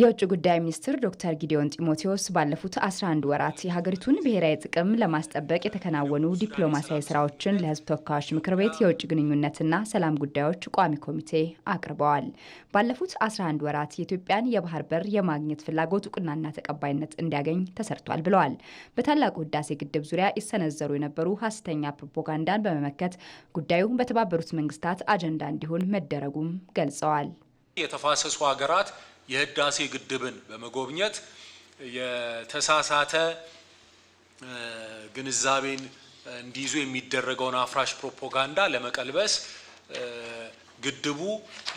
የውጭ ጉዳይ ሚኒስትር ዶክተር ጊዲዮን ጢሞቴዎስ ባለፉት 11 ወራት የሀገሪቱን ብሔራዊ ጥቅም ለማስጠበቅ የተከናወኑ ዲፕሎማሲያዊ ስራዎችን ለሕዝብ ተወካዮች ምክር ቤት የውጭ ግንኙነትና ሰላም ጉዳዮች ቋሚ ኮሚቴ አቅርበዋል። ባለፉት 11 ወራት የኢትዮጵያን የባህር በር የማግኘት ፍላጎት እውቅናና ተቀባይነት እንዲያገኝ ተሰርቷል ብለዋል። በታላቁ ህዳሴ ግድብ ዙሪያ ይሰነዘሩ የነበሩ ሀሰተኛ ፕሮፓጋንዳን በመመከት ጉዳዩ በተባበሩት መንግስታት አጀንዳ እንዲሆን መደረጉም ገልጸዋል። የተፋሰሱ ሀገራት የህዳሴ ግድብን በመጎብኘት የተሳሳተ ግንዛቤን እንዲይዙ የሚደረገውን አፍራሽ ፕሮፓጋንዳ ለመቀልበስ ግድቡ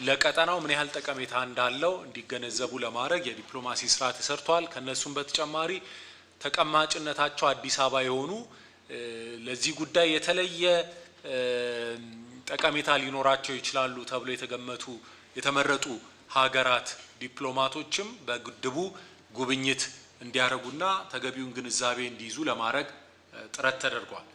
ለቀጠናው ምን ያህል ጠቀሜታ እንዳለው እንዲገነዘቡ ለማድረግ የዲፕሎማሲ ስራ ተሰርቷል። ከነሱም በተጨማሪ ተቀማጭነታቸው አዲስ አበባ የሆኑ ለዚህ ጉዳይ የተለየ ጠቀሜታ ሊኖራቸው ይችላሉ ተብሎ የተገመቱ የተመረጡ ሀገራት ዲፕሎማቶችም በግድቡ ጉብኝት እንዲያደርጉና ተገቢውን ግንዛቤ እንዲይዙ ለማድረግ ጥረት ተደርጓል።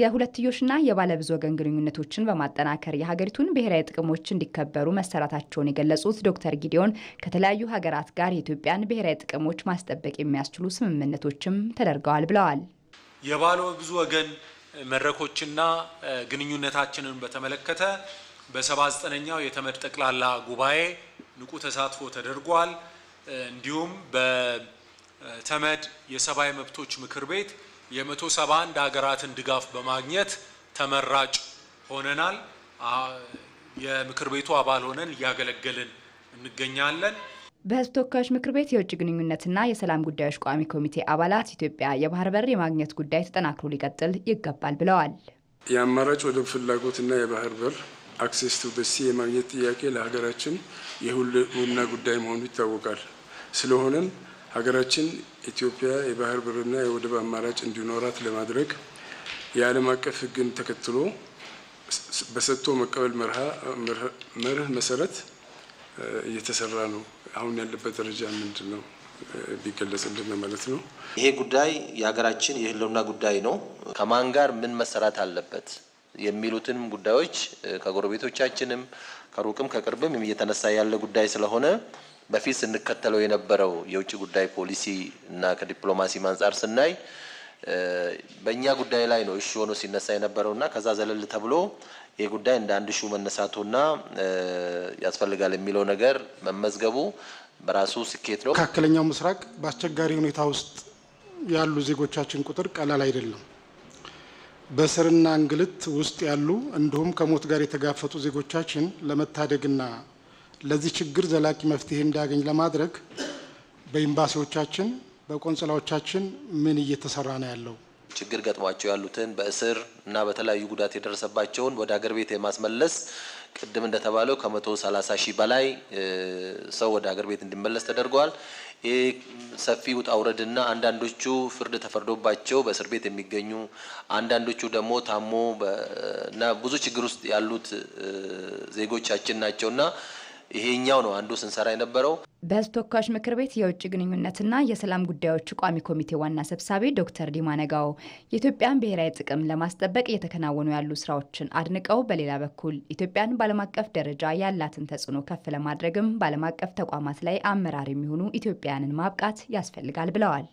የሁለትዮሽና የባለብዙ ወገን ግንኙነቶችን በማጠናከር የሀገሪቱን ብሔራዊ ጥቅሞች እንዲከበሩ መሰራታቸውን የገለጹት ዶክተር ጊዲዮን ከተለያዩ ሀገራት ጋር የኢትዮጵያን ብሔራዊ ጥቅሞች ማስጠበቅ የሚያስችሉ ስምምነቶችም ተደርገዋል ብለዋል። የባለብዙ ወገን መድረኮችና ግንኙነታችንን በተመለከተ በ79ኛው የተመድ ጠቅላላ ጉባኤ ንቁ ተሳትፎ ተደርጓል። እንዲሁም በተመድ የሰብአዊ መብቶች ምክር ቤት የ171 ሀገራትን ድጋፍ በማግኘት ተመራጭ ሆነናል። የምክር ቤቱ አባል ሆነን እያገለገልን እንገኛለን። በህዝብ ተወካዮች ምክር ቤት የውጭ ግንኙነትና የሰላም ጉዳዮች ቋሚ ኮሚቴ አባላት ኢትዮጵያ የባህር በር የማግኘት ጉዳይ ተጠናክሮ ሊቀጥል ይገባል ብለዋል። የአማራጭ ወደብ ፍላጎትና የባህር በር አክሴስ ቱ ዘ የማግኘት ጥያቄ ለሀገራችን የሕልውና ጉዳይ መሆኑ ይታወቃል። ስለሆነም ሀገራችን ኢትዮጵያ የባህር በርና የወደብ አማራጭ እንዲኖራት ለማድረግ የዓለም አቀፍ ህግን ተከትሎ በሰጥቶ መቀበል መርህ መሰረት እየተሰራ ነው። አሁን ያለበት ደረጃ ምንድን ነው ቢገለጽልን ማለት ነው። ይሄ ጉዳይ የሀገራችን የህልውና ጉዳይ ነው። ከማን ጋር ምን መሰራት አለበት የሚሉትንም ጉዳዮች ከጎረቤቶቻችንም ከሩቅም ከቅርብም እየተነሳ ያለ ጉዳይ ስለሆነ በፊት ስንከተለው የነበረው የውጭ ጉዳይ ፖሊሲ እና ከዲፕሎማሲ አንጻር ስናይ በእኛ ጉዳይ ላይ ነው እሺ ሆኖ ሲነሳ እና ከዛ ዘለል ተብሎ ይህ ጉዳይ እንደ አንድ እሹ መነሳቱና ያስፈልጋል የሚለው ነገር መመዝገቡ በራሱ ስኬት ነው። መካከለኛው ምስራቅ በአስቸጋሪ ሁኔታ ውስጥ ያሉ ዜጎቻችን ቁጥር ቀላል አይደለም። በስርና እንግልት ውስጥ ያሉ እንዲሁም ከሞት ጋር የተጋፈጡ ዜጎቻችን ለመታደግና ለዚህ ችግር ዘላቂ መፍትሄ እንዲያገኝ ለማድረግ በኤምባሲዎቻችን በቆንጽላዎቻችን ምን እየተሰራ ነው ያለው? ችግር ገጥሟቸው ያሉትን በእስር እና በተለያዩ ጉዳት የደረሰባቸውን ወደ አገር ቤት የማስመለስ ቅድም እንደተባለው ከመቶ ሰላሳ ሺህ በላይ ሰው ወደ ሀገር ቤት እንዲመለስ ተደርገዋል። ይህ ሰፊ ውጣ ውረድና አንዳንዶቹ ፍርድ ተፈርዶባቸው በእስር ቤት የሚገኙ አንዳንዶቹ ደግሞ ታሞ እና ብዙ ችግር ውስጥ ያሉት ዜጎቻችን ናቸውና ይሄኛው ነው አንዱ ስንሰራ የነበረው። በሕዝብ ተወካዮች ምክር ቤት የውጭ ግንኙነትና የሰላም ጉዳዮች ቋሚ ኮሚቴ ዋና ሰብሳቢ ዶክተር ዲማ ነጋው የኢትዮጵያን ብሔራዊ ጥቅም ለማስጠበቅ እየተከናወኑ ያሉ ስራዎችን አድንቀው፣ በሌላ በኩል ኢትዮጵያን በዓለም አቀፍ ደረጃ ያላትን ተጽዕኖ ከፍ ለማድረግም በዓለም አቀፍ ተቋማት ላይ አመራር የሚሆኑ ኢትዮጵያውያንን ማብቃት ያስፈልጋል ብለዋል።